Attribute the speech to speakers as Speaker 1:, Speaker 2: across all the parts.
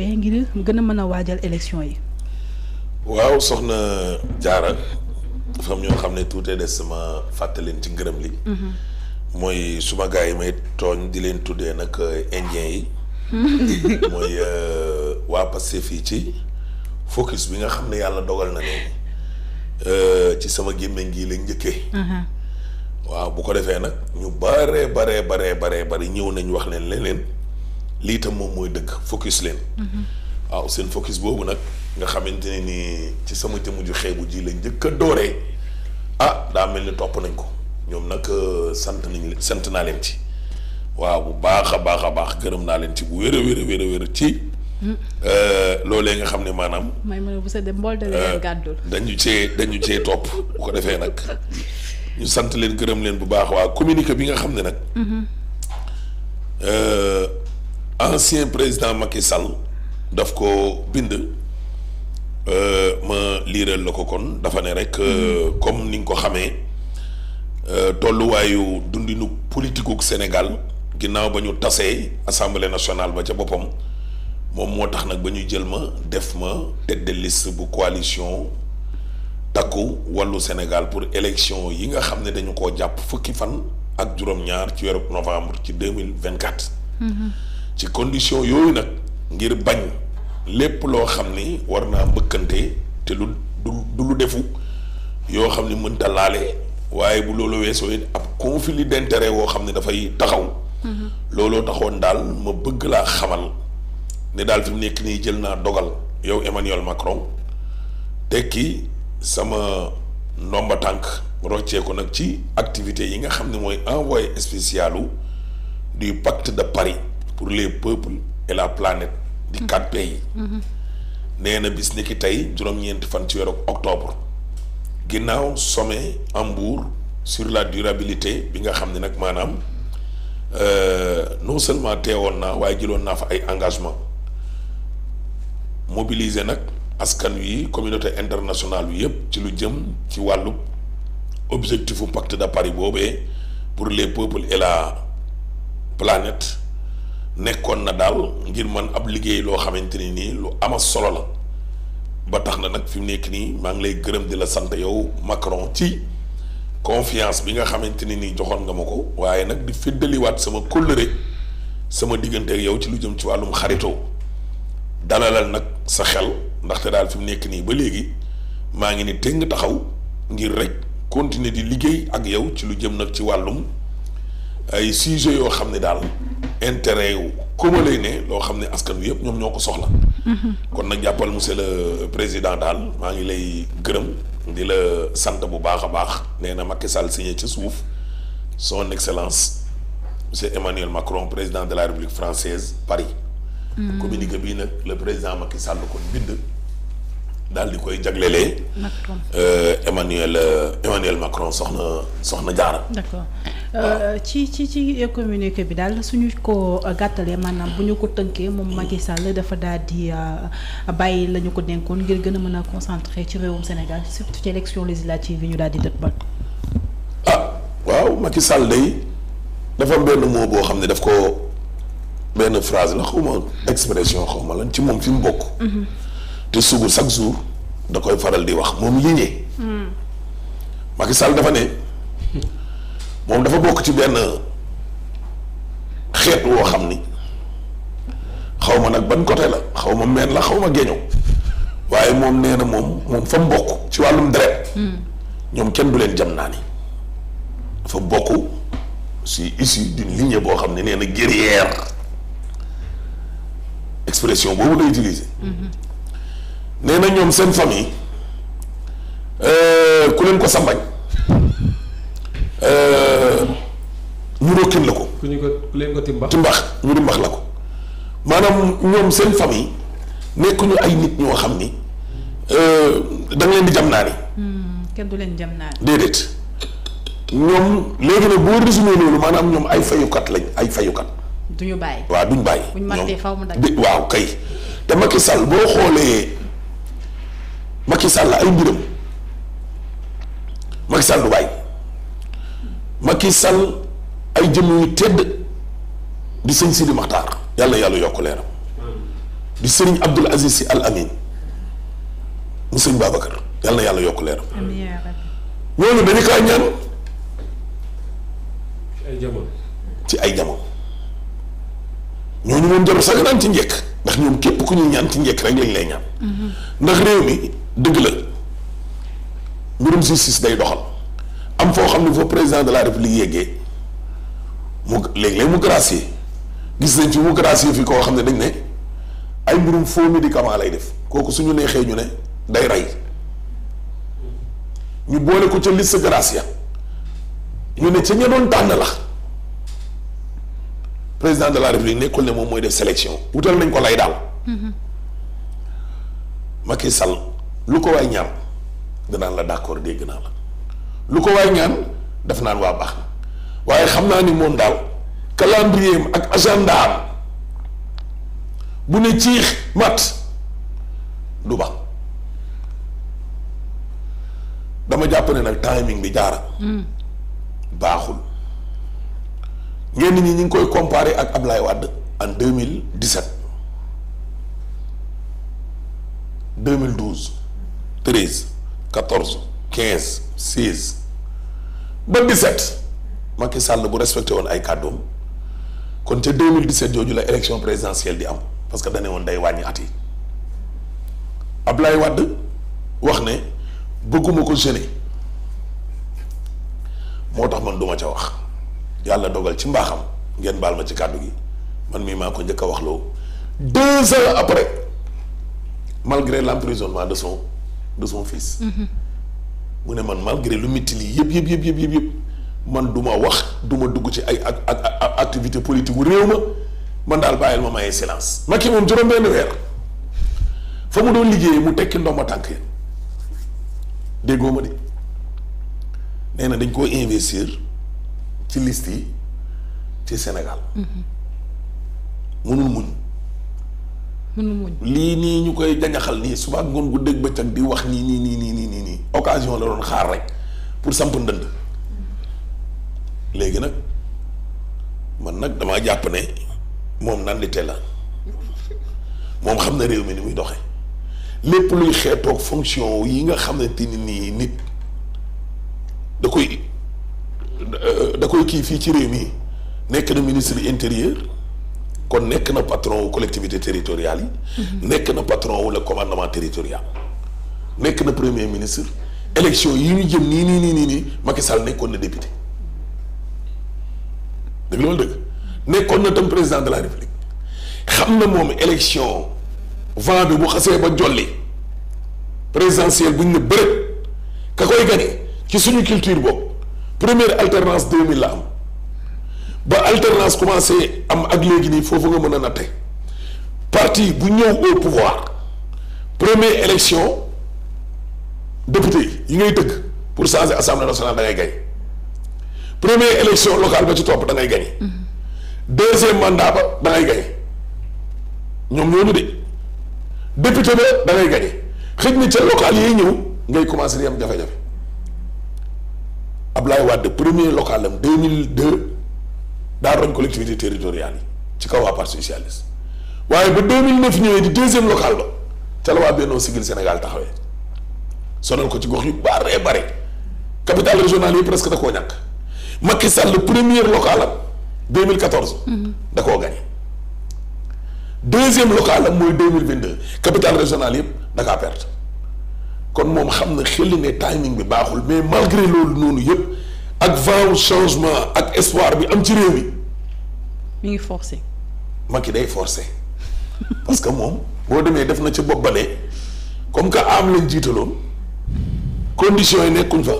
Speaker 1: jàppee ngir gën a mën a waajal élection yi. waaw soxna jaara dafa ñoo xam ne tuutee des sama leen ci ngërëm li. Mhm. mooy suma gars yi may tooñ di leen tuddee nag euh, indien yi. Mhm. mooy euh, waa Pastef fii ci focus bi nga xam ne yàlla dogal na ne euh, ci sama gémmiñ gi la njëkkee. Mhm. waaw bu ko defee nag ñu baree baree baree baree ñëw nañ wax leen leen lii tam moom mooy dëgg focus leen. Mhm. waaw seen focus boobu nag nga xamante ne ni ci sama jëmm ju xeebu ji la njëkk a dooree ah daa mel ni topp nañ ko ñoom nag euh, sant nañ sant naa leen ci waaw bu baax a baax a baax gërëm naa leen ci bu wér a wér ci. Hmm. Euh, loolee nga xam ne maanaam. may ma bu sa dem mbool dalee euh, dañu cee dañu cee topp bu ko defee nag ñu sant leen gërëm leen bu baax waa communiqué bi nga xam ne nag. Mhm. ancien président Macky Sall daf ko bind euh, ma liiral la ko kon dafa ne rek euh, mm-hmm. comme ni nga ko xamee euh, tolluwaayu dundinu politiku Sénégal ginnaaw ba ñu tasee assemblée nationale ba ca boppam moom moo tax nag ba ñu jël ma def ma tête de liste bu coalition takku wàllu Sénégal pour élection yi nga xam ne dañu ko jàpp fukki fan ak juróom-ñaar ci weeru novembre ci deux mille vingt ci condition yooyu nag ngir bañ lépp loo xam ni war naa mbëkkante te lu du du lu defu yoo xam ni mënta laale waaye bu loolu weesoo it ab conflit d'intérêt woo xam ne dafay taxaw mm-hmm. looloo taxoon daal ma bëgg laa xamal ne daal fi mu nekk nii jël naa dogal yow Emmanuel Macron tekki sama ndomba tànk rocceeku nag ci activité yi nga xam ne mooy envoyé spécialu du pacte de Paris pour les peuples et la planète di mm-hmm. quatre pays mm-hmm. nee na bis ni ki tey juróom-ñeenti fan ci weeru octobre ginnaaw sommet Hambourg sur la durabilité bi nga xam ne nag maanaam euh, non seulement teewoon naa waaye jëloon naa fa ay engagement mobiliser nag askan wi communauté international bi yëpp ci lu jëm ci wàllu objectifu pacte de Paris boobee pour les peuples et la planète nekkoon na daal ngir man ab liggéey loo xamante ni nii lu ama solo la ba tax na nag fi mu nekk nii maa ngi lay gërëm di la sant yow Macron ci confiance bi nga xamante ni nii joxoon nga ma ko waaye nag di feddaliwaat sama kóllëre sama diggante ak yow ci lu jëm ci wàllum xaritoo dalalal nag sa xel ndaxte daal fi mu nekk nii ba léegi maa ngi ni tëng taxaw ngir rek continuer di liggéey ak yow ci lu jëm nag ci wàllum ay sujet yoo xam ne daal intérêt wu kuma lay ne loo xam ne askan wi yëpp ñoom ñoo ko soxla. kon nag jàppal monsieur le président daal maa ngi lay gërëm di la sant bu baax a baax nee na Macky Sall signé ci suuf son excellence monsieur Emmanuel Macron président de la République française Paris. Hmm. communiqué bii nag le président Macky Sall kon bind. daal di koy jaglelee. Euh, Emmanuel euh, Emmanuel Macron soxna soxna Jaara. Euh, ci ci ci communiqué bi daal suñu ko gàttalee maanaam bu ñu ko tënkee moom Macky Sall dafa daal di euh, bàyyi la ko denkoon ngir gën a mën a concentré ci réewum Sénégal surtout ci élection législative yi ñu daal di dët ba ah waaw Macky Sall day dafa am benn mot boo xam ne daf ko benn phrase la xaw ma expression xaw ma lan ci moom fi mu bokk. Mhm. te sugu chaque jour da koy faral di wax moom liggéey. Hmm. Macky dafa ne. moom dafa bokk ci benn xeet woo xam ni xaw ma nag ban côté la xaw ma meen la xaw ma géño waaye moom nee na moom moom fa mu bokk ci wàllum deret hmm. ñoom kenn du leen jam naa ni dafa bokk si issu d'une lignée boo xam ne nee na guerrière expression boobu lay utiliser hmm. nee na ñoom seen famille euh, ku leen ko sambañ Euh, ñu rokkin la ko. ku ñu ko ku timbax ñu timbax la ko maanaam ñoom seen famille nekkuñu ay nit ñoo xam ni euh, da leen di jam naa hmm, kenn du leen jam naa ni. déedéet ñoom léegi nag boo résumé loolu maanaam ñoom ay fayukat lañ ay fayukat. ñu bàyyi waaw duñu bàyyi. buñ màttee mu daj waaw kay. te Macky Sall boo xoolee Macky Sall ay mbiram Macky Sall du bàyyi. Macky Sall ay jëm yu tedd di sëñ Sidi Maxtaar yàlla yàlla yokk leeram di sëriñ Abdul Aziz Sy Al Amin mu sëñ Babacar yàlla yàlla yokk leeram ñooñu dañu ay jamono ci ay jamono ñooñu moom jarul sax ci njëkk ndax ñoom képp ku ñuy ñaan ci njëkk rek lañ lay ñaan mhm. ndax réew mi dëgg la mbirum justice day doxal am foo xam ne foo président de la république yeggee mu léeg-léeg mu gracier gis nañ ci mu gracier fi koo xam ne dañ ne ay mbirum faux médicament lay def kooku suñu neexee ñu ne day rey ñu boole ko ca liste grâce ya ñu ne ca ña doon tànn la président de la république nekkul ne moom mooy def sélection wutal nañ ko lay daal mm-hmm. Macky Sall lu ko waay ñaar danaan la d'accord dégg naa la lu ko waay ñaan daf naan waa baax na waaye xam naa ni moom daal calendrier am ak agenda am bu ne ciix mat du ba dama jàpp ne nag timing bi jaara hmm. baaxul ñenn ñi ñu ngi koy comparer ak Ablaye Wade en deux mille dix douze treize quatorze quinze seize ba 17 Macky sàll bu respecté woon ay kàddoom kon ca 2017 jooju la élection présidentielle di am parce que dane woon day wàññi at yi lay Wade wax ne bëgguma ko gêner moo tax man duma ca wax yàlla dogal ci mbaaxam ngeen baal ma ci kàddu gi man mii maa ko njëkk a wax loo deux ans après malgré l'emprisonnement de son de son fils. Mm -hmm. mu ne man malgré lu métti lii yëpp yëpp yëpp yëpp yëpp man du ma wax du ma dugg ci ay activité politique wu réew ma man daal bàyyil ma maye silence Macky moom juróom-benn weer fa mu doon liggéeyee mu tekki ndomba tànk yéen déggoo ma de nee na dañ koo investir ci list yi ci Sénégal. mënul mm-hmm. muñ. lii nii ñu koy jañaxal nii suba ngoon ba bëccëg di wax nii nii nii nii nii nii nii occasion la doon xaar rek pour samp ndënd léegi nag man nag damaa jàpp ne moom nan di la moom xam na réew mi ni muy doxe lépp luy xeetoog fonction yi nga xamante ni nii nit da koy da koy kii fii ci réew mi nekk na ministre intérieur kon nekk na patron wu collectivité territoriale yi. Mhm. nekk na patron wu le commandement territorial. nekk na premier ministre. élection yi ñu jëm nii nii nii nii nii Macky Sall nekkoon na député dëgg loolu dëgg nekkoon na tam président de la république xam na moom élection vent bi bu xasee ba jolli présidentielle buñ ne bërëb ka koy gagné ci suñu culture boobu première alternance 2000 la am. ba alternance commencé am ak léegi nii foofu nga mën a natte parti bu ñëw au pouvoir première élection député yi ngay tëgg pour changer assemblée nationale da ngay gañ première élection locale ba ci topp da ngay gañ mhm. deuxième mandat ba da ngay gañ ñoom ñooñu de député ba da ngay gañ xëj ca local yi ñëw ngay commencé di am jafe-jafe Ablaye Wade premier local am deux daa roñ collectivité territoriale yi ci kaw waa parti socialiste waaye ba 2009 ñëwee di deuxième local ba ca la waa Bennoo Siggil Sénégal taxawee sonal ko ci gox yu bare bare capital régional yi presque da koo ñàkk Macky Sall première locale am 2014. Mhm. da koo gagné deuxième locale am mooy 2022 capital régional yëpp da kaa perte kon moom xam na xel ne timing bi baaxul mais malgré loolu noonu yëpp. ak vent changement ak espoir bi am ci réew mi. mi ngi ma ki day forcé parce que moom boo demee def na ci bopp ba ne comme que am lañ jiitaloon conditions yi nekkuñ fa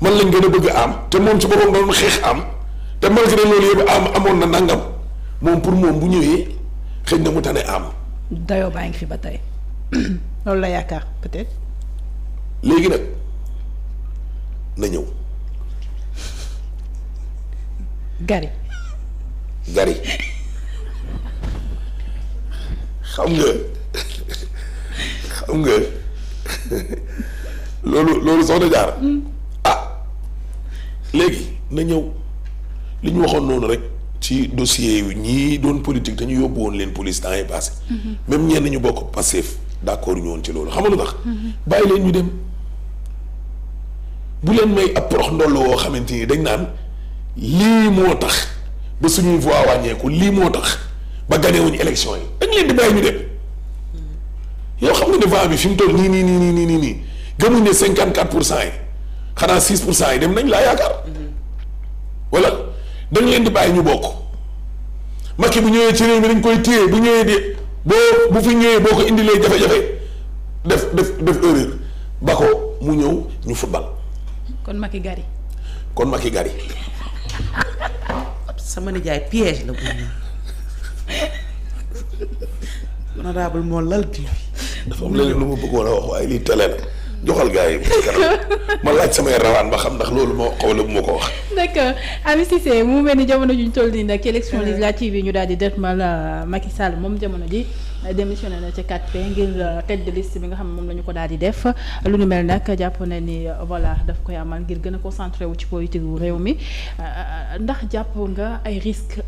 Speaker 1: man lañ gën a bëgg am te moom ci boppam doon xeex am te malgré loolu yëpp am amoon na nangam moom pour moom bu ñëwee xëy na mu tane am. dayo baa ngi fi ba tey loolu la yaakaar peut léegi nag na ñëw. gari gari xam nga xam nga loolu loolu soxna jaar hmm. ah léegi na ñëw li ñu waxoon noonu rek ci dossier yu ñii doon politique ñu yóbbu woon leen police temps yi passé même ñu bokk passif d'accord ñu woon ci loolu xam nga lu tax hmm. bàyyi leen ñu dem bu leen may ab porox ndoll woo xamante ni dañ naan lii moo tax ba suñuy voix wàññeeku lii moo tax ba gagné wuñu élection yi dañ leen di bàyyi ñu dem yow xam nga ne vent bi fi mu toll nii nii nii nii nii nii gëmuñ ne cinquante quatre pour cent yi xanaa six pour cent yi dem nañ laa yaakaar walla dañ leen di bàyyi ñu bokk Macky bu ñëwee ci réew mi dañ koy téye bu ñëwee di boo bu fi ñëwee boo ko indilee jafe-jafe def def def erreur ba ko mu ñëw ñu football. kon Macky gari. kon Macky gari. sama nijaay piège la bu ñu honorable moo lal diir. dafa am leneen lu ma bëggoon a wax waaye lii télé la joxal gars yi ma laaj samay rawaan ba xam ndax loolu moo xaw la bu ma ko wax. d'accord Ami Cissé mu mel ni jamono juñ toll nii nag élection législative yi ñu daal di dëtmal euh, Macky Sall moom jamono ji. Euh, démissionné na ci 4P ngir euh, tête de bi nga xam ne moom la ñu ko daal di def lu ñu mel nag jàpp na ni euh, voilà daf koy amal ngir gën a concentré wu ci politique wu réew mi ndax jàpp nga ay risques.